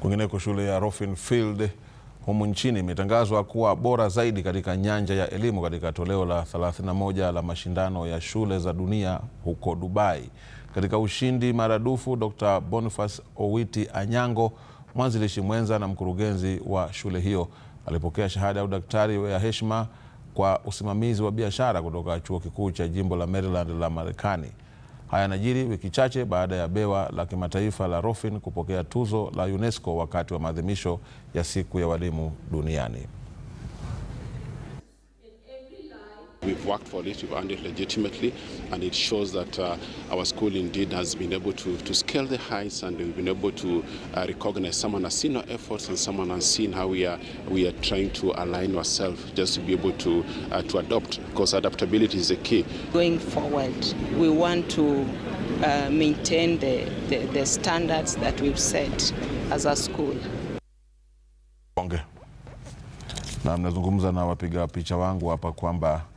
Kwingineko, shule ya Roffin Field humu nchini imetangazwa kuwa bora zaidi katika nyanja ya elimu katika toleo la 31 la mashindano ya shule za dunia huko Dubai. Katika ushindi maradufu, Dr. Boniface Owiti Anyango, mwanzilishi mwenza na mkurugenzi wa shule hiyo, alipokea shahada ya udaktari ya heshima kwa usimamizi wa biashara kutoka Chuo Kikuu cha Jimbo la Maryland la Marekani. Haya yanajiri wiki chache baada ya bewa la kimataifa la Rofin kupokea tuzo la UNESCO wakati wa maadhimisho ya siku ya walimu duniani. We've worked for it, we've earned it legitimately, and it shows that uh, our school indeed has been able to, to scale the heights and we've been able to uh, recognize someone has seen our efforts and someone has seen how we are, we are trying to align ourselves just to be able to, uh, to adopt, because adaptability is the key. Going forward, we want to uh, maintain the, the, the standards that we've set as a school. Na mnazungumza na wapiga picha wangu hapa kwamba